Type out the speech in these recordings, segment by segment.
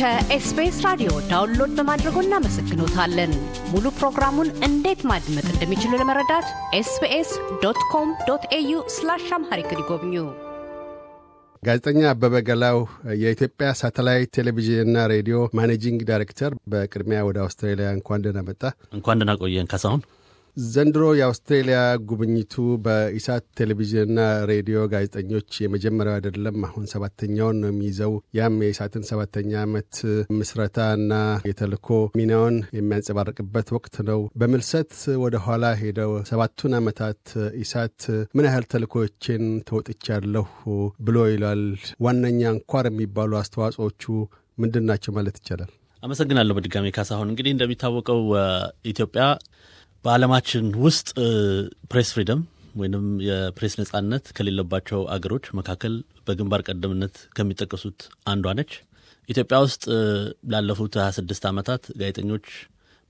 ከኤስቢኤስ ራዲዮ ዳውንሎድ በማድረጎ እናመሰግኖታለን። ሙሉ ፕሮግራሙን እንዴት ማድመጥ እንደሚችሉ ለመረዳት ኤስቢኤስ ዶት ኮም ዶት ኤዩ ስላሽ አምሃሪክ ይጎብኙ። ጋዜጠኛ አበበ ገላው የኢትዮጵያ ሳተላይት ቴሌቪዥንና ሬዲዮ ማኔጂንግ ዳይሬክተር፣ በቅድሚያ ወደ አውስትራሊያ እንኳን ደህና መጣ። እንኳን ደህና ቆየን ካሳሁን። ዘንድሮ የአውስትሬሊያ ጉብኝቱ በኢሳት ቴሌቪዥንና ሬዲዮ ጋዜጠኞች የመጀመሪያው አይደለም። አሁን ሰባተኛውን ነው የሚይዘው። ያም የኢሳትን ሰባተኛ ዓመት ምስረታና የተልእኮ ሚናውን የሚያንጸባርቅበት ወቅት ነው። በምልሰት ወደ ኋላ ሄደው ሰባቱን ዓመታት ኢሳት ምን ያህል ተልእኮዎችን ተወጥቻለሁ ብሎ ይሏል። ዋነኛ አንኳር የሚባሉ አስተዋጽኦቹ ምንድን ናቸው ማለት ይቻላል? አመሰግናለሁ በድጋሚ ካሳሁን። እንግዲህ እንደሚታወቀው ኢትዮጵያ በዓለማችን ውስጥ ፕሬስ ፍሪደም ወይም የፕሬስ ነጻነት ከሌለባቸው አገሮች መካከል በግንባር ቀደምነት ከሚጠቀሱት አንዷ ነች። ኢትዮጵያ ውስጥ ላለፉት 26 ዓመታት ጋዜጠኞች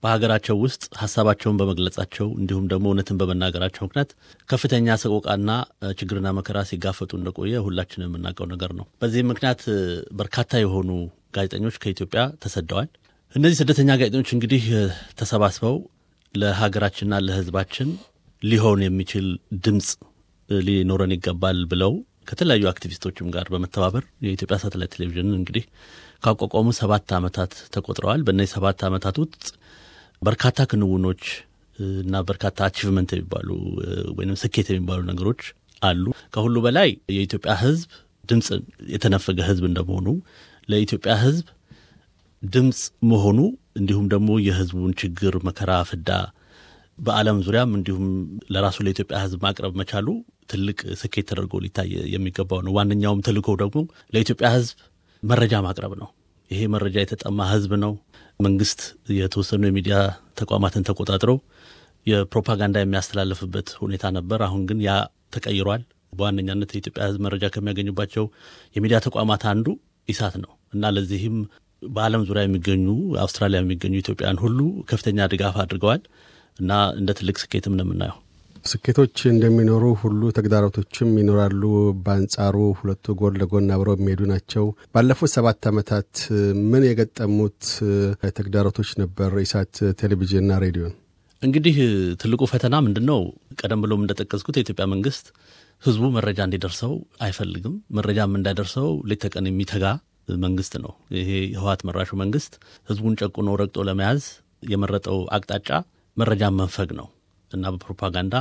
በሀገራቸው ውስጥ ሀሳባቸውን በመግለጻቸው እንዲሁም ደግሞ እውነትን በመናገራቸው ምክንያት ከፍተኛ ሰቆቃና ችግርና መከራ ሲጋፈጡ እንደቆየ ሁላችን የምናውቀው ነገር ነው። በዚህም ምክንያት በርካታ የሆኑ ጋዜጠኞች ከኢትዮጵያ ተሰደዋል። እነዚህ ስደተኛ ጋዜጠኞች እንግዲህ ተሰባስበው ለሀገራችንና ለህዝባችን ሊሆን የሚችል ድምፅ ሊኖረን ይገባል ብለው ከተለያዩ አክቲቪስቶችም ጋር በመተባበር የኢትዮጵያ ሳተላይት ቴሌቪዥን እንግዲህ ካቋቋሙ ሰባት ዓመታት ተቆጥረዋል። በእነዚህ ሰባት ዓመታት ውስጥ በርካታ ክንውኖች እና በርካታ አቺቭመንት የሚባሉ ወይም ስኬት የሚባሉ ነገሮች አሉ። ከሁሉ በላይ የኢትዮጵያ ህዝብ ድምፅ የተነፈገ ህዝብ እንደመሆኑ ለኢትዮጵያ ህዝብ ድምፅ መሆኑ እንዲሁም ደግሞ የህዝቡን ችግር መከራ፣ ፍዳ በዓለም ዙሪያም እንዲሁም ለራሱ ለኢትዮጵያ ህዝብ ማቅረብ መቻሉ ትልቅ ስኬት ተደርጎ ሊታይ የሚገባው ነው። ዋነኛውም ተልዕኮው ደግሞ ለኢትዮጵያ ህዝብ መረጃ ማቅረብ ነው። ይሄ መረጃ የተጠማ ህዝብ ነው። መንግስት የተወሰኑ የሚዲያ ተቋማትን ተቆጣጥረው የፕሮፓጋንዳ የሚያስተላልፍበት ሁኔታ ነበር። አሁን ግን ያ ተቀይሯል። በዋነኛነት የኢትዮጵያ ህዝብ መረጃ ከሚያገኙባቸው የሚዲያ ተቋማት አንዱ ኢሳት ነው እና ለዚህም በዓለም ዙሪያ የሚገኙ አውስትራሊያ የሚገኙ ኢትዮጵያን ሁሉ ከፍተኛ ድጋፍ አድርገዋል እና እንደ ትልቅ ስኬትም ነው የምናየው። ስኬቶች እንደሚኖሩ ሁሉ ተግዳሮቶችም ይኖራሉ። በአንጻሩ ሁለቱ ጎን ለጎን አብረው የሚሄዱ ናቸው። ባለፉት ሰባት ዓመታት ምን የገጠሙት ተግዳሮቶች ነበር? ኢሳት ቴሌቪዥንና ሬዲዮን እንግዲህ ትልቁ ፈተና ምንድን ነው? ቀደም ብሎም እንደጠቀስኩት የኢትዮጵያ መንግስት ህዝቡ መረጃ እንዲደርሰው አይፈልግም። መረጃም እንዳይደርሰው ሌት ተቀን የሚተጋ መንግስት ነው። ይሄ ህወሓት መራሹ መንግስት ህዝቡን ጨቁኖ ረግጦ ለመያዝ የመረጠው አቅጣጫ መረጃን መንፈግ ነው እና በፕሮፓጋንዳ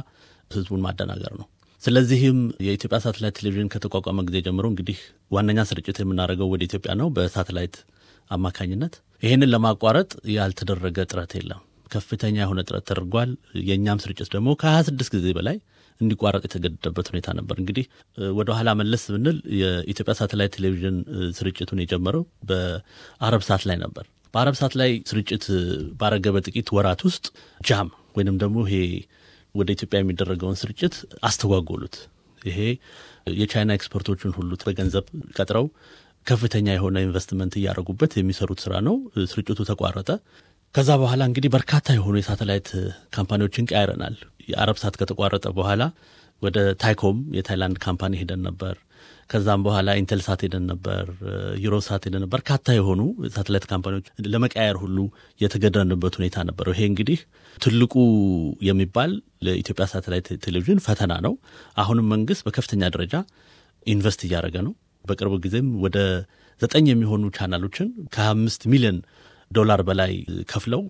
ህዝቡን ማደናገር ነው። ስለዚህም የኢትዮጵያ ሳተላይት ቴሌቪዥን ከተቋቋመ ጊዜ ጀምሮ እንግዲህ ዋነኛ ስርጭት የምናደርገው ወደ ኢትዮጵያ ነው በሳተላይት አማካኝነት። ይህንን ለማቋረጥ ያልተደረገ ጥረት የለም። ከፍተኛ የሆነ ጥረት ተደርጓል። የእኛም ስርጭት ደግሞ ከ26 ጊዜ በላይ እንዲቋረጥ የተገደደበት ሁኔታ ነበር። እንግዲህ ወደኋላ መለስ ብንል የኢትዮጵያ ሳተላይት ቴሌቪዥን ስርጭቱን የጀመረው በአረብ ሰዓት ላይ ነበር። በአረብ ሰዓት ላይ ስርጭት ባረገ በጥቂት ወራት ውስጥ ጃም ወይንም ደግሞ ይሄ ወደ ኢትዮጵያ የሚደረገውን ስርጭት አስተጓጎሉት። ይሄ የቻይና ኤክስፐርቶችን ሁሉ በገንዘብ ቀጥረው ከፍተኛ የሆነ ኢንቨስትመንት እያደረጉበት የሚሰሩት ስራ ነው። ስርጭቱ ተቋረጠ። ከዛ በኋላ እንግዲህ በርካታ የሆኑ የሳተላይት ካምፓኒዎችን ቀያይረናል። የአረብ ሰዓት ከተቋረጠ በኋላ ወደ ታይኮም የታይላንድ ካምፓኒ ሄደን ነበር። ከዛም በኋላ ሳት ሄደን ነበር፣ ዩሮሳት ሄደን ነበር። ካታ የሆኑ ሳተላይት ካምፓኒዎች ለመቀያየር ሁሉ የተገደንበት ሁኔታ ነበር ይሄ እንግዲህ ትልቁ የሚባል ለኢትዮጵያ ሳተላይት ቴሌቪዥን ፈተና ነው። አሁንም መንግስት በከፍተኛ ደረጃ ኢንቨስት እያደረገ ነው። በቅርብ ጊዜም ወደ ዘጠኝ የሚሆኑ ቻናሎችን ከአምስት ሚሊዮን ዶላር በላይ ከፍለው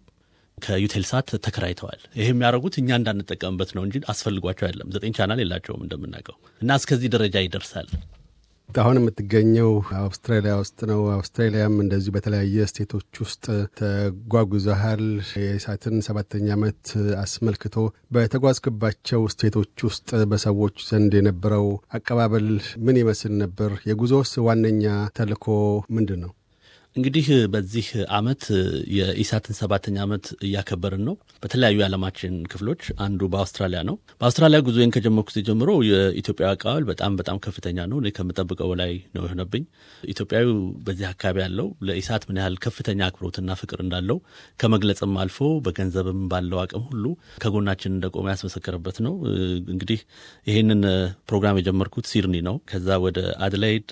ከዩቴልሳት ተከራይተዋል። ይህ የሚያደርጉት እኛ እንዳንጠቀምበት ነው እንጂ አስፈልጓቸው አይደለም። ዘጠኝ ቻናል የላቸውም እንደምናውቀው እና እስከዚህ ደረጃ ይደርሳል። አሁን የምትገኘው አውስትራሊያ ውስጥ ነው። አውስትራሊያም እንደዚሁ በተለያየ ስቴቶች ውስጥ ተጓጉዘሃል። የሳትን ሰባተኛ ዓመት አስመልክቶ በተጓዝክባቸው ስቴቶች ውስጥ በሰዎች ዘንድ የነበረው አቀባበል ምን ይመስል ነበር? የጉዞስ ዋነኛ ተልኮ ምንድን ነው? እንግዲህ በዚህ አመት የኢሳትን ሰባተኛ ዓመት እያከበርን ነው። በተለያዩ የዓለማችን ክፍሎች አንዱ በአውስትራሊያ ነው። በአውስትራሊያ ጉዞዬን ከጀመርኩ ጊዜ ጀምሮ የኢትዮጵያ አቀባበል በጣም በጣም ከፍተኛ ነው። እኔ ከምጠብቀው በላይ ነው የሆነብኝ። ኢትዮጵያዊ በዚህ አካባቢ ያለው ለኢሳት ምን ያህል ከፍተኛ አክብሮትና ፍቅር እንዳለው ከመግለጽም አልፎ በገንዘብም ባለው አቅም ሁሉ ከጎናችን እንደቆመ ያስመሰከረበት ነው። እንግዲህ ይህንን ፕሮግራም የጀመርኩት ሲድኒ ነው። ከዛ ወደ አድላይድ፣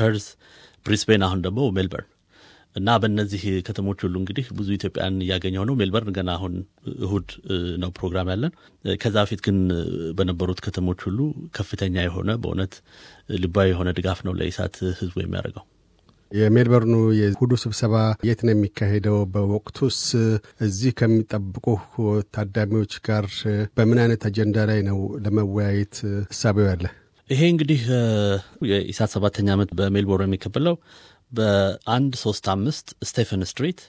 ፐርዝ፣ ብሪስቤን አሁን ደግሞ ሜልበርን እና በእነዚህ ከተሞች ሁሉ እንግዲህ ብዙ ኢትዮጵያን እያገኘው ነው። ሜልበርን ገና አሁን እሁድ ነው ፕሮግራም ያለን። ከዛ በፊት ግን በነበሩት ከተሞች ሁሉ ከፍተኛ የሆነ በእውነት ልባዊ የሆነ ድጋፍ ነው ለኢሳት ህዝቡ የሚያደርገው። የሜልበርኑ የእሁዱ ስብሰባ የት ነው የሚካሄደው? በወቅቱስ እዚህ ከሚጠብቁ ታዳሚዎች ጋር በምን አይነት አጀንዳ ላይ ነው ለመወያየት እሳቤው ያለ? ይሄ እንግዲህ የኢሳት ሰባተኛ ዓመት በሜልቦርን የሚከበለው በአንድ ሶስት አምስት ስቴፈን ስትሪት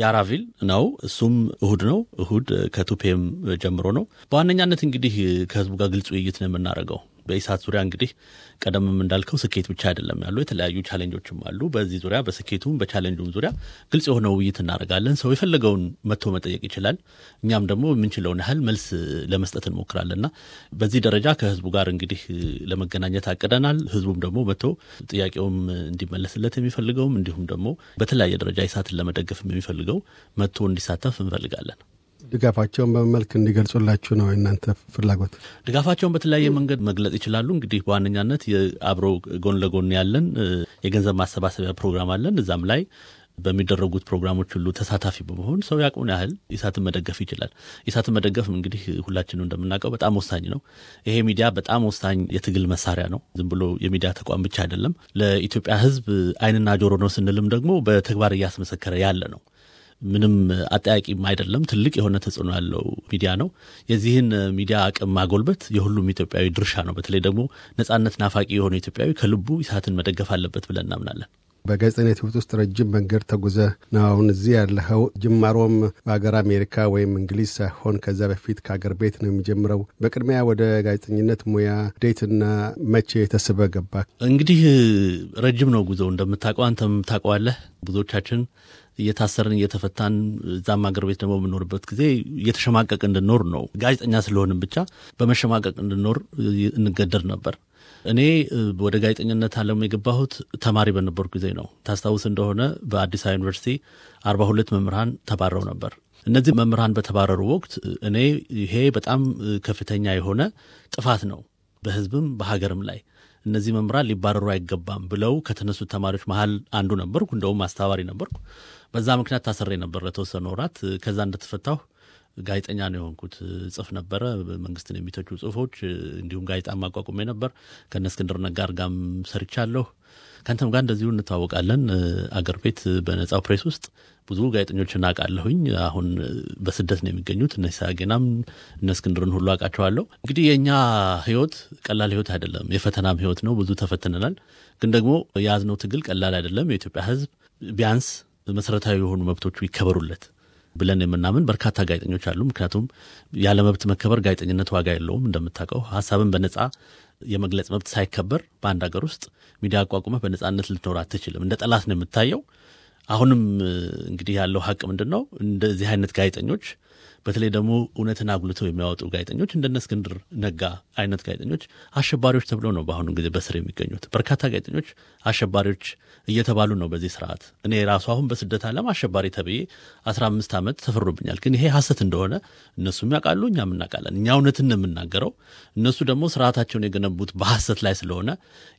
ያራቪል ነው። እሱም እሁድ ነው። እሁድ ከቱፔም ጀምሮ ነው። በዋነኛነት እንግዲህ ከህዝቡ ጋር ግልጽ ውይይት ነው የምናደርገው። በኢሳት ዙሪያ እንግዲህ ቀደምም እንዳልከው ስኬት ብቻ አይደለም ያሉ የተለያዩ ቻሌንጆችም አሉ። በዚህ ዙሪያ በስኬቱም በቻሌንጁም ዙሪያ ግልጽ የሆነ ውይይት እናደርጋለን። ሰው የፈለገውን መጥቶ መጠየቅ ይችላል። እኛም ደግሞ የምንችለውን ያህል መልስ ለመስጠት እንሞክራለንና በዚህ ደረጃ ከህዝቡ ጋር እንግዲህ ለመገናኘት አቅደናል። ህዝቡም ደግሞ መጥቶ ጥያቄውም እንዲመለስለት የሚፈልገውም እንዲሁም ደግሞ በተለያየ ደረጃ ኢሳትን ለመደገፍ የሚፈልገው መጥቶ እንዲሳተፍ እንፈልጋለን። ድጋፋቸውን በመልክ እንዲገልጹላችሁ ነው እናንተ ፍላጎት? ድጋፋቸውን በተለያየ መንገድ መግለጽ ይችላሉ። እንግዲህ በዋነኛነት አብሮ ጎን ለጎን ያለን የገንዘብ ማሰባሰቢያ ፕሮግራም አለን። እዛም ላይ በሚደረጉት ፕሮግራሞች ሁሉ ተሳታፊ በመሆን ሰው ያቁን ያህል ኢሳትን መደገፍ ይችላል። ኢሳትን መደገፍ እንግዲህ ሁላችንም እንደምናውቀው በጣም ወሳኝ ነው። ይሄ ሚዲያ በጣም ወሳኝ የትግል መሳሪያ ነው። ዝም ብሎ የሚዲያ ተቋም ብቻ አይደለም። ለኢትዮጵያ ህዝብ አይንና ጆሮ ነው ስንልም ደግሞ በተግባር እያስመሰከረ ያለ ነው። ምንም አጠያቂም አይደለም። ትልቅ የሆነ ተጽዕኖ ያለው ሚዲያ ነው። የዚህን ሚዲያ አቅም ማጎልበት የሁሉም ኢትዮጵያዊ ድርሻ ነው። በተለይ ደግሞ ነጻነት ናፋቂ የሆነ ኢትዮጵያዊ ከልቡ ኢሳትን መደገፍ አለበት ብለን እናምናለን። በጋዜጠኝነት ሕይወት ውስጥ ረጅም መንገድ ተጉዘ ነው አሁን እዚህ ያለኸው። ጅማሮም በሀገር አሜሪካ ወይም እንግሊዝ ሳይሆን ከዛ በፊት ከሀገር ቤት ነው የሚጀምረው። በቅድሚያ ወደ ጋዜጠኝነት ሙያ ዴትና መቼ ተስበ ገባ እንግዲህ ረጅም ነው ጉዞ እንደምታውቀው፣ አንተም ታውቀዋለህ። ብዙዎቻችን እየታሰርን እየተፈታን እዛም ሀገር ቤት ደግሞ የምኖርበት ጊዜ እየተሸማቀቅ እንድኖር ነው። ጋዜጠኛ ስለሆንም ብቻ በመሸማቀቅ እንድኖር እንገደድ ነበር። እኔ ወደ ጋዜጠኝነት አለሙ የገባሁት ተማሪ በነበሩ ጊዜ ነው። ታስታውስ እንደሆነ በአዲስ አበባ ዩኒቨርሲቲ አርባ ሁለት መምህራን ተባረው ነበር። እነዚህ መምህራን በተባረሩ ወቅት እኔ ይሄ በጣም ከፍተኛ የሆነ ጥፋት ነው በህዝብም በሀገርም ላይ እነዚህ መምህራን ሊባረሩ አይገባም ብለው ከተነሱ ተማሪዎች መሀል አንዱ ነበርኩ። እንደውም አስተባባሪ ነበርኩ። በዛ ምክንያት ታሰሬ ነበር ለተወሰነ ወራት። ከዛ እንደተፈታሁ ጋዜጠኛ ነው የሆንኩት። ጽፍ ነበረ መንግስትን የሚተቹ ጽሁፎች፣ እንዲሁም ጋዜጣ ማቋቁሜ ነበር። ከነ እስክንድር ነጋር ጋም ሰርቻለሁ። ከአንተም ጋር እንደዚሁ እንተዋወቃለን። አገር ቤት በነጻው ፕሬስ ውስጥ ብዙ ጋዜጠኞች እናውቃለሁኝ። አሁን በስደት ነው የሚገኙት። እነ ሳጌናም እነ እስክንድርን ሁሉ አውቃቸዋለሁ። እንግዲህ የእኛ ህይወት ቀላል ህይወት አይደለም፣ የፈተናም ህይወት ነው። ብዙ ተፈትነናል። ግን ደግሞ የያዝነው ትግል ቀላል አይደለም። የኢትዮጵያ ህዝብ ቢያንስ መሰረታዊ የሆኑ መብቶቹ ይከበሩለት ብለን የምናምን በርካታ ጋዜጠኞች አሉ። ምክንያቱም ያለ መብት መከበር ጋዜጠኝነት ዋጋ የለውም። እንደምታውቀው ሀሳብን በነጻ የመግለጽ መብት ሳይከበር በአንድ ሀገር ውስጥ ሚዲያ አቋቁመህ በነጻነት ልትኖር አትችልም። እንደ ጠላት ነው የምታየው። አሁንም እንግዲህ ያለው ሀቅ ምንድን ነው? እንደዚህ አይነት ጋዜጠኞች በተለይ ደግሞ እውነትን አጉልተው የሚያወጡ ጋዜጠኞች እንደነ እስክንድር ነጋ አይነት ጋዜጠኞች አሸባሪዎች ተብለው ነው በአሁኑ ጊዜ በስር የሚገኙት። በርካታ ጋዜጠኞች አሸባሪዎች እየተባሉ ነው በዚህ ስርዓት። እኔ ራሱ አሁን በስደት አለም አሸባሪ ተብዬ አስራ አምስት ዓመት ተፈርዶብኛል። ግን ይሄ ሀሰት እንደሆነ እነሱም ያውቃሉ፣ እኛም የምናውቃለን እኛ እውነትን ነው የምናገረው። እነሱ ደግሞ ስርዓታቸውን የገነቡት በሀሰት ላይ ስለሆነ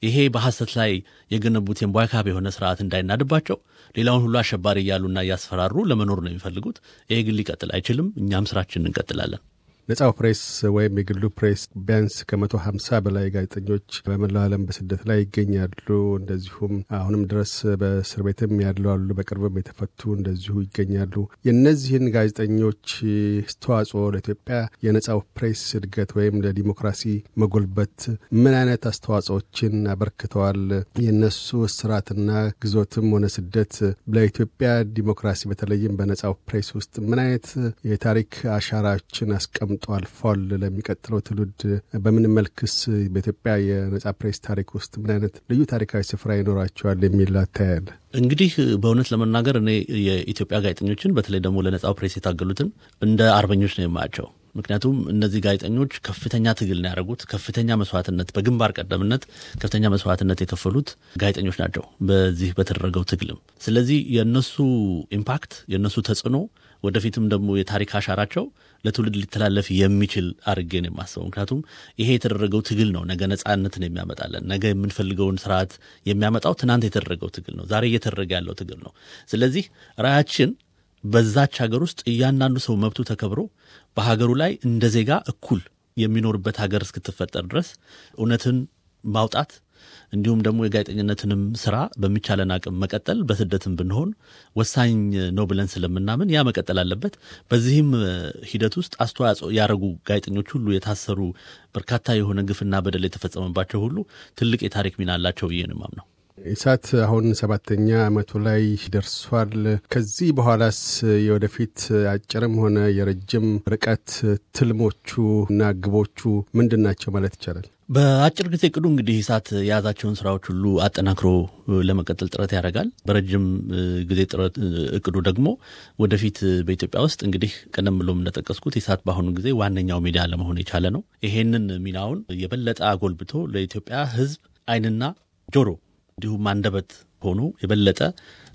ይሄ በሀሰት ላይ የገነቡት የንቧይካብ የሆነ ስርዓት እንዳይናድባቸው ሌላውን ሁሉ አሸባሪ እያሉና እያስፈራሩ ለመኖር ነው የሚፈልጉት። ይሄ ግን ሊቀጥል አይችልም። እኛም ስራችን እንቀጥላለን። ነጻው ፕሬስ ወይም የግሉ ፕሬስ ቢያንስ ከመቶ ሀምሳ በላይ ጋዜጠኞች በመላው ዓለም በስደት ላይ ይገኛሉ። እንደዚሁም አሁንም ድረስ በእስር ቤትም ያለዋሉ፣ በቅርብም የተፈቱ እንደዚሁ ይገኛሉ። የእነዚህን ጋዜጠኞች አስተዋጽኦ ለኢትዮጵያ የነጻው ፕሬስ እድገት ወይም ለዲሞክራሲ መጎልበት ምን አይነት አስተዋጽኦችን አበርክተዋል? የእነሱ እስራትና ግዞትም ሆነ ስደት ለኢትዮጵያ ዲሞክራሲ በተለይም በነጻው ፕሬስ ውስጥ ምን አይነት የታሪክ አሻራዎችን አስቀምጠ ተቀምጦ አልፏል። ለሚቀጥለው ትውልድ በምን መልክስ በኢትዮጵያ የነጻ ፕሬስ ታሪክ ውስጥ ምን አይነት ልዩ ታሪካዊ ስፍራ ይኖራቸዋል የሚል አታያል? እንግዲህ በእውነት ለመናገር እኔ የኢትዮጵያ ጋዜጠኞችን በተለይ ደግሞ ለነጻው ፕሬስ የታገሉትን እንደ አርበኞች ነው የማያቸው። ምክንያቱም እነዚህ ጋዜጠኞች ከፍተኛ ትግል ነው ያደረጉት። ከፍተኛ መስዋዕትነት በግንባር ቀደምነት ከፍተኛ መስዋዕትነት የከፈሉት ጋዜጠኞች ናቸው በዚህ በተደረገው ትግልም። ስለዚህ የእነሱ ኢምፓክት የእነሱ ተጽዕኖ ወደፊትም ደግሞ የታሪክ አሻራቸው ለትውልድ ሊተላለፍ የሚችል አድርጌ ነው የማስበው። ምክንያቱም ይሄ የተደረገው ትግል ነው ነገ ነጻነትን የሚያመጣለን፣ ነገ የምንፈልገውን ስርዓት የሚያመጣው ትናንት የተደረገው ትግል ነው፣ ዛሬ እየተደረገ ያለው ትግል ነው። ስለዚህ ራያችን በዛች ሀገር ውስጥ እያንዳንዱ ሰው መብቱ ተከብሮ በሀገሩ ላይ እንደ ዜጋ እኩል የሚኖርበት ሀገር እስክትፈጠር ድረስ እውነትን ማውጣት እንዲሁም ደግሞ የጋዜጠኝነትንም ስራ በሚቻለን አቅም መቀጠል በስደትም ብንሆን ወሳኝ ነው ብለን ስለምናምን ያ መቀጠል አለበት። በዚህም ሂደት ውስጥ አስተዋጽኦ ያደረጉ ጋዜጠኞች ሁሉ የታሰሩ፣ በርካታ የሆነ ግፍና በደል የተፈጸመባቸው ሁሉ ትልቅ የታሪክ ሚና አላቸው ብዬ ነው የማምነው። ኢሳት አሁን ሰባተኛ አመቱ ላይ ደርሷል። ከዚህ በኋላስ የወደፊት አጭርም ሆነ የረጅም ርቀት ትልሞቹ እና ግቦቹ ምንድን ናቸው ማለት ይቻላል? በአጭር ጊዜ ቅዱ እንግዲህ ኢሳት የያዛቸውን ስራዎች ሁሉ አጠናክሮ ለመቀጠል ጥረት ያደርጋል። በረጅም ጊዜ ጥረት እቅዱ ደግሞ ወደፊት በኢትዮጵያ ውስጥ እንግዲህ ቀደም ብሎም እንደጠቀስኩት ኢሳት በአሁኑ ጊዜ ዋነኛው ሚዲያ ለመሆን የቻለ ነው። ይሄንን ሚናውን የበለጠ አጎልብቶ ለኢትዮጵያ ህዝብ አይንና ጆሮ እንዲሁም አንደበት ሆኖ የበለጠ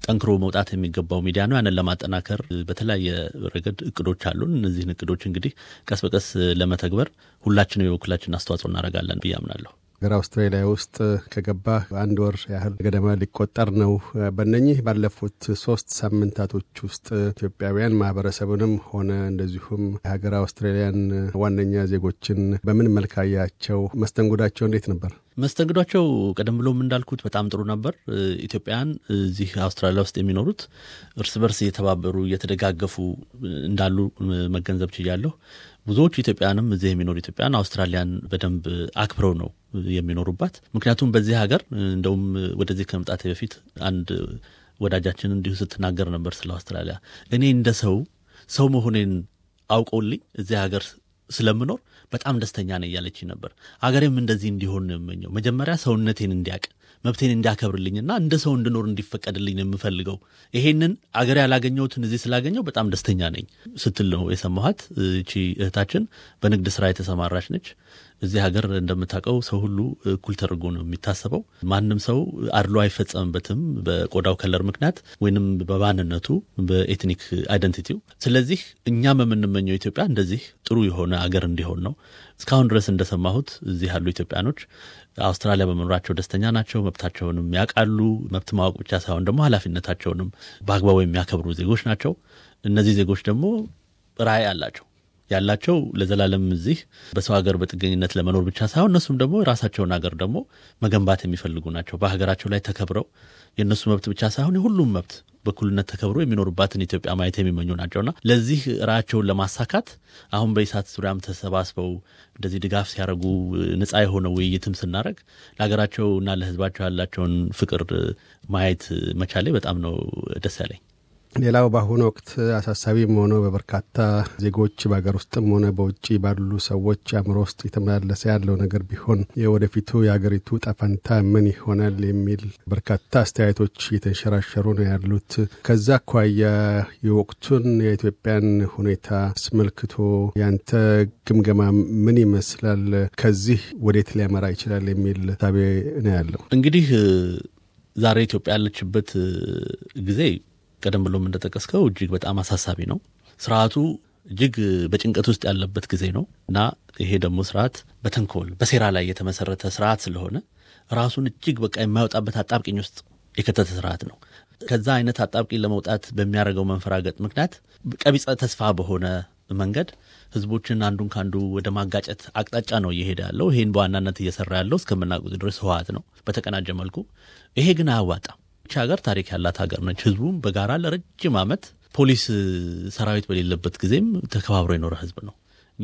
ጠንክሮ መውጣት የሚገባው ሚዲያ ነው። ያንን ለማጠናከር በተለያየ ረገድ እቅዶች አሉን። እነዚህን እቅዶች እንግዲህ ቀስ በቀስ ለመተግበር ሁላችንም የበኩላችን አስተዋጽኦ እናደርጋለን ብዬ አምናለሁ። ሀገር አውስትራሊያ ውስጥ ከገባ አንድ ወር ያህል ገደማ ሊቆጠር ነው። በነኚህ ባለፉት ሶስት ሳምንታቶች ውስጥ ኢትዮጵያውያን ማህበረሰቡንም ሆነ እንደዚሁም የሀገር አውስትራሊያን ዋነኛ ዜጎችን በምን መልክ አያቸው? መስተንጉዳቸው እንዴት ነበር? መስተንግዷቸው ቀደም ብሎም እንዳልኩት በጣም ጥሩ ነበር። ኢትዮጵያውያን እዚህ አውስትራሊያ ውስጥ የሚኖሩት እርስ በርስ እየተባበሩ እየተደጋገፉ እንዳሉ መገንዘብ ችያለሁ። ብዙዎቹ ኢትዮጵያንም እዚህ የሚኖሩ ኢትዮጵያን አውስትራሊያን በደንብ አክብረው ነው የሚኖሩባት። ምክንያቱም በዚህ ሀገር እንደውም ወደዚህ ከመምጣቴ በፊት አንድ ወዳጃችን እንዲሁ ስትናገር ነበር ስለ አውስትራሊያ። እኔ እንደ ሰው ሰው መሆኔን አውቀውልኝ እዚህ ሀገር ስለምኖር በጣም ደስተኛ ነኝ እያለች ነበር። አገሬም እንደዚህ እንዲሆን ነው የምመኘው። መጀመሪያ ሰውነቴን እንዲያቅ መብቴን እንዲያከብርልኝና እንደ ሰው እንድኖር እንዲፈቀድልኝ ነው የምፈልገው። ይሄንን አገሬ ያላገኘሁትን እዚህ ስላገኘው በጣም ደስተኛ ነኝ ስትል ነው የሰማኋት። እቺ እህታችን በንግድ ስራ የተሰማራች ነች። እዚህ ሀገር እንደምታውቀው ሰው ሁሉ እኩል ተደርጎ ነው የሚታሰበው። ማንም ሰው አድሎ አይፈጸምበትም በቆዳው ከለር ምክንያት ወይንም በማንነቱ በኤትኒክ አይደንቲቲው። ስለዚህ እኛም የምንመኘው ኢትዮጵያ እንደዚህ ጥሩ የሆነ አገር እንዲሆን ነው። እስካሁን ድረስ እንደሰማሁት እዚህ ያሉ ኢትዮጵያኖች አውስትራሊያ በመኖራቸው ደስተኛ ናቸው። መብታቸውንም ያውቃሉ። መብት ማወቅ ብቻ ሳይሆን ደግሞ ኃላፊነታቸውንም በአግባቡ የሚያከብሩ ዜጎች ናቸው። እነዚህ ዜጎች ደግሞ ራዕይ አላቸው። ያላቸው ለዘላለም እዚህ በሰው ሀገር በጥገኝነት ለመኖር ብቻ ሳይሆን እነሱም ደግሞ የራሳቸውን ሀገር ደግሞ መገንባት የሚፈልጉ ናቸው። በሀገራቸው ላይ ተከብረው የእነሱ መብት ብቻ ሳይሆን የሁሉም መብት በኩልነት ተከብሮ የሚኖሩባትን ኢትዮጵያ ማየት የሚመኙ ናቸውና ለዚህ ራቸውን ለማሳካት አሁን በኢሳት ዙሪያም ተሰባስበው እንደዚህ ድጋፍ ሲያደርጉ ነፃ የሆነ ውይይትም ስናደርግ እና ለህዝባቸው ያላቸውን ፍቅር ማየት መቻሌ በጣም ነው ደስ ያለኝ። ሌላው በአሁኑ ወቅት አሳሳቢም ሆኖ በበርካታ ዜጎች በሀገር ውስጥም ሆነ በውጭ ባሉ ሰዎች አእምሮ ውስጥ የተመላለሰ ያለው ነገር ቢሆን የወደፊቱ የሀገሪቱ ጠፈንታ ምን ይሆናል የሚል በርካታ አስተያየቶች እየተንሸራሸሩ ነው ያሉት። ከዛ አኳያ የወቅቱን የኢትዮጵያን ሁኔታ አስመልክቶ ያንተ ግምገማ ምን ይመስላል? ከዚህ ወዴት ሊያመራ ይችላል የሚል ታቤ ነው ያለው። እንግዲህ ዛሬ ኢትዮጵያ ያለችበት ጊዜ ቀደም ብሎም እንደጠቀስከው እጅግ በጣም አሳሳቢ ነው። ስርዓቱ እጅግ በጭንቀት ውስጥ ያለበት ጊዜ ነው እና ይሄ ደግሞ ስርዓት በተንኮል በሴራ ላይ የተመሰረተ ስርዓት ስለሆነ ራሱን እጅግ በቃ የማይወጣበት አጣብቂኝ ውስጥ የከተተ ስርዓት ነው። ከዛ አይነት አጣብቂኝ ለመውጣት በሚያደርገው መንፈራገጥ ምክንያት ቀቢፀ ተስፋ በሆነ መንገድ ህዝቦችን አንዱን ከአንዱ ወደ ማጋጨት አቅጣጫ ነው እየሄደ ያለው። ይህን በዋናነት እየሰራ ያለው እስከምናውቁት ድረስ ህወሓት ነው በተቀናጀ መልኩ። ይሄ ግን አያዋጣም። ይቺ ሀገር ታሪክ ያላት ሀገር ነች። ህዝቡም በጋራ ለረጅም ዓመት ፖሊስ ሰራዊት በሌለበት ጊዜም ተከባብሮ የኖረ ህዝብ ነው።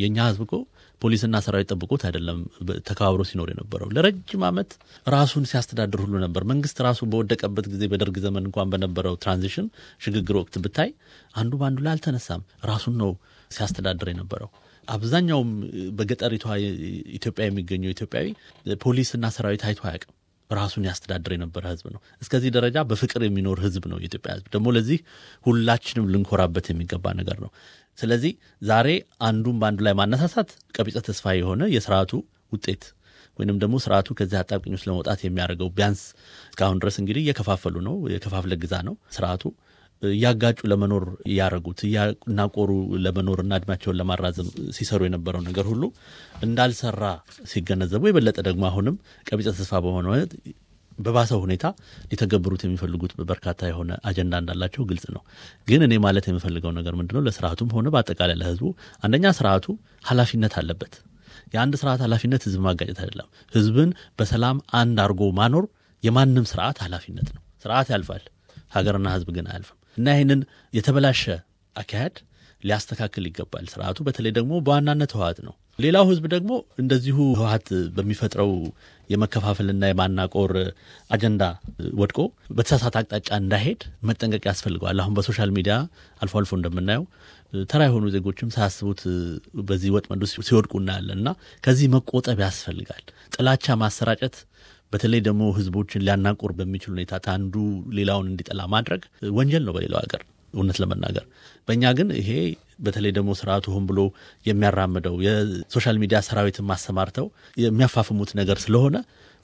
የእኛ ህዝብ እኮ ፖሊስና ሰራዊት ጠብቆት አይደለም ተከባብሮ ሲኖር የነበረው። ለረጅም ዓመት ራሱን ሲያስተዳድር ሁሉ ነበር። መንግስት ራሱ በወደቀበት ጊዜ በደርግ ዘመን እንኳን በነበረው ትራንዚሽን ሽግግር ወቅት ብታይ አንዱ በአንዱ ላይ አልተነሳም። ራሱን ነው ሲያስተዳድር የነበረው። አብዛኛውም በገጠሪቷ ኢትዮጵያ የሚገኘው ኢትዮጵያዊ ፖሊስና ሰራዊት አይቶ አያውቅም። ራሱን ያስተዳድር የነበረ ህዝብ ነው። እስከዚህ ደረጃ በፍቅር የሚኖር ህዝብ ነው የኢትዮጵያ ህዝብ። ደግሞ ለዚህ ሁላችንም ልንኮራበት የሚገባ ነገር ነው። ስለዚህ ዛሬ አንዱን በአንዱ ላይ ማነሳሳት ቀቢጸ ተስፋ የሆነ የስርዓቱ ውጤት ወይንም ደግሞ ስርዓቱ ከዚህ አጣብቂኝ ለመውጣት የሚያደርገው ቢያንስ እስካሁን ድረስ እንግዲህ እየከፋፈሉ ነው፣ የከፋፍለ ግዛ ነው ስርዓቱ እያጋጩ ለመኖር ያደረጉት እያናቆሩ ለመኖር እና እድሜያቸውን ለማራዘም ሲሰሩ የነበረው ነገር ሁሉ እንዳልሰራ ሲገነዘቡ የበለጠ ደግሞ አሁንም ቀቢጸ ተስፋ በሆነ በባሰው ሁኔታ ሊተገብሩት የሚፈልጉት በርካታ የሆነ አጀንዳ እንዳላቸው ግልጽ ነው። ግን እኔ ማለት የምፈልገው ነገር ምንድነው? ለስርዓቱም ሆነ በአጠቃላይ ለህዝቡ አንደኛ ስርዓቱ ኃላፊነት አለበት። የአንድ ስርዓት ኃላፊነት ህዝብ ማጋጨት አይደለም። ህዝብን በሰላም አንድ አድርጎ ማኖር የማንም ስርዓት ኃላፊነት ነው። ስርዓት ያልፋል፣ ሀገርና ህዝብ ግን አያልፍም። እና ይህንን የተበላሸ አካሄድ ሊያስተካክል ይገባል ስርዓቱ። በተለይ ደግሞ በዋናነት ህወሀት ነው። ሌላው ህዝብ ደግሞ እንደዚሁ ህወሀት በሚፈጥረው የመከፋፈልና የማናቆር አጀንዳ ወድቆ በተሳሳተ አቅጣጫ እንዳይሄድ መጠንቀቅ ያስፈልገዋል። አሁን በሶሻል ሚዲያ አልፎ አልፎ እንደምናየው ተራ የሆኑ ዜጎችም ሳያስቡት በዚህ ወጥመዱ ሲወድቁ እናያለን እና ከዚህ መቆጠብ ያስፈልጋል። ጥላቻ ማሰራጨት በተለይ ደግሞ ህዝቦችን ሊያናቁር በሚችል ሁኔታ አንዱ ሌላውን እንዲጠላ ማድረግ ወንጀል ነው በሌላው ሀገር እውነት ለመናገር በእኛ ግን ይሄ በተለይ ደግሞ ስርዓቱ ሆን ብሎ የሚያራምደው የሶሻል ሚዲያ ሰራዊትን ማሰማርተው የሚያፋፍሙት ነገር ስለሆነ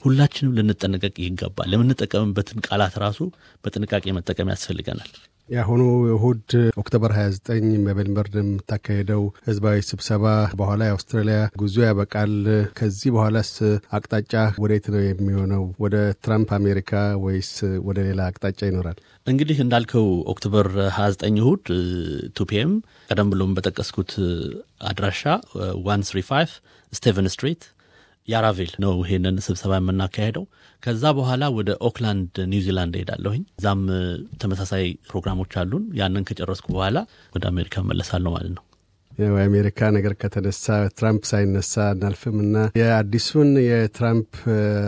ሁላችንም ልንጠነቀቅ ይገባል። የምንጠቀምበትን ቃላት ራሱ በጥንቃቄ መጠቀም ያስፈልገናል። የአሁኑ እሁድ ኦክቶበር 29 በሜልበርን የምታካሄደው ህዝባዊ ስብሰባ በኋላ የአውስትራሊያ ጉዞ ያበቃል። ከዚህ በኋላስ አቅጣጫ ወዴት ነው የሚሆነው? ወደ ትራምፕ አሜሪካ ወይስ ወደ ሌላ አቅጣጫ ይኖራል? እንግዲህ እንዳልከው ኦክቶበር 29 እሁድ ቱፒኤም ቀደም ብሎም በጠቀስኩት አድራሻ 135 ስቴቨን ስትሪት ያራቬል ነው ይሄንን ስብሰባ የምናካሄደው። ከዛ በኋላ ወደ ኦክላንድ ኒውዚላንድ ሄዳለሁኝ። እዛም ተመሳሳይ ፕሮግራሞች አሉን። ያንን ከጨረስኩ በኋላ ወደ አሜሪካ መለሳለሁ ማለት ነው። የአሜሪካ ነገር ከተነሳ ትራምፕ ሳይነሳ እናልፍም እና የአዲሱን የትራምፕ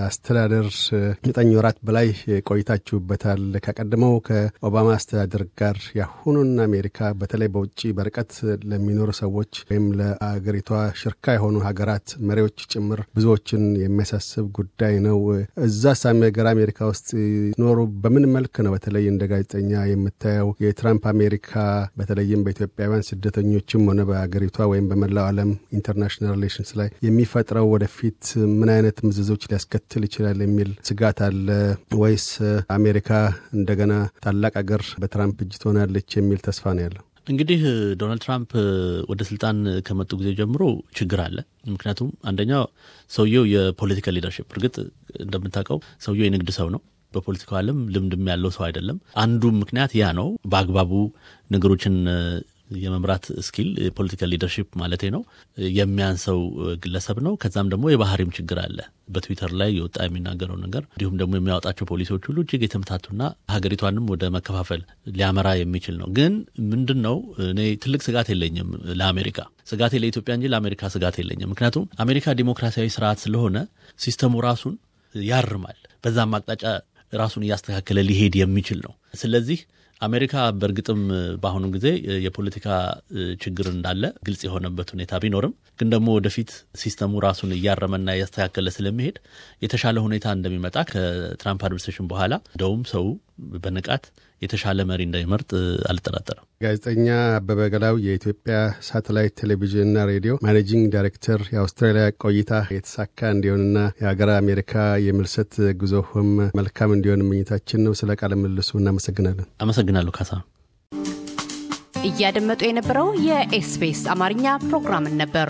አስተዳደር ዘጠኝ ወራት በላይ ቆይታችሁበታል። ከቀድመው ከኦባማ አስተዳደር ጋር ያሁኑን አሜሪካ በተለይ በውጭ በርቀት ለሚኖሩ ሰዎች ወይም ለአገሪቷ ሽርካ የሆኑ ሀገራት መሪዎች ጭምር ብዙዎችን የሚያሳስብ ጉዳይ ነው። እዛ ሳሚ ሀገር አሜሪካ ውስጥ ኖሩ በምን መልክ ነው በተለይ እንደ ጋዜጠኛ የምታየው የትራምፕ አሜሪካ በተለይም በኢትዮጵያውያን ስደተኞችም ሆነ በሀገሪቷ ወይም በመላው ዓለም ኢንተርናሽናል ሪሌሽንስ ላይ የሚፈጥረው ወደፊት ምን አይነት ምዝዞች ሊያስከትል ይችላል የሚል ስጋት አለ ወይስ አሜሪካ እንደገና ታላቅ አገር በትራምፕ እጅ ትሆናለች የሚል ተስፋ ነው ያለው? እንግዲህ ዶናልድ ትራምፕ ወደ ስልጣን ከመጡ ጊዜ ጀምሮ ችግር አለ። ምክንያቱም አንደኛው ሰውየው የፖለቲካል ሊደርሽፕ፣ እርግጥ እንደምታውቀው ሰውየው የንግድ ሰው ነው። በፖለቲካው ዓለም ልምድም ያለው ሰው አይደለም። አንዱ ምክንያት ያ ነው። በአግባቡ ነገሮችን የመምራት ስኪል የፖለቲካል ሊደርሽፕ ማለት ነው የሚያንሰው ግለሰብ ነው። ከዛም ደግሞ የባህሪም ችግር አለ። በትዊተር ላይ የወጣ የሚናገረው ነገር እንዲሁም ደግሞ የሚያወጣቸው ፖሊሲዎች ሁሉ እጅግ የተምታቱና ሀገሪቷንም ወደ መከፋፈል ሊያመራ የሚችል ነው። ግን ምንድን ነው እኔ ትልቅ ስጋት የለኝም ለአሜሪካ ስጋቴ ለኢትዮጵያ እንጂ ለአሜሪካ ስጋት የለኝም። ምክንያቱም አሜሪካ ዲሞክራሲያዊ ስርዓት ስለሆነ ሲስተሙ ራሱን ያርማል። በዛም አቅጣጫ ራሱን እያስተካከለ ሊሄድ የሚችል ነው። ስለዚህ አሜሪካ በእርግጥም በአሁኑ ጊዜ የፖለቲካ ችግር እንዳለ ግልጽ የሆነበት ሁኔታ ቢኖርም ግን ደግሞ ወደፊት ሲስተሙ ራሱን እያረመና እያስተካከለ ስለሚሄድ የተሻለ ሁኔታ እንደሚመጣ ከትራምፕ አድሚኒስትሬሽን በኋላ እንደውም ሰው በንቃት የተሻለ መሪ እንደሚመርጥ አልጠራጠረም። ጋዜጠኛ አበበ ገላው የኢትዮጵያ ሳተላይት ቴሌቪዥንና ሬዲዮ ማኔጂንግ ዳይሬክተር፣ የአውስትራሊያ ቆይታ የተሳካ እንዲሆንና የሀገር አሜሪካ የምልሰት ጉዞህም መልካም እንዲሆን ምኝታችን ነው። ስለ ቃለ ምልልሱ እናመሰግናለን። አመሰግናለሁ ካሳ። እያደመጡ የነበረው የኤስፔስ አማርኛ ፕሮግራምን ነበር።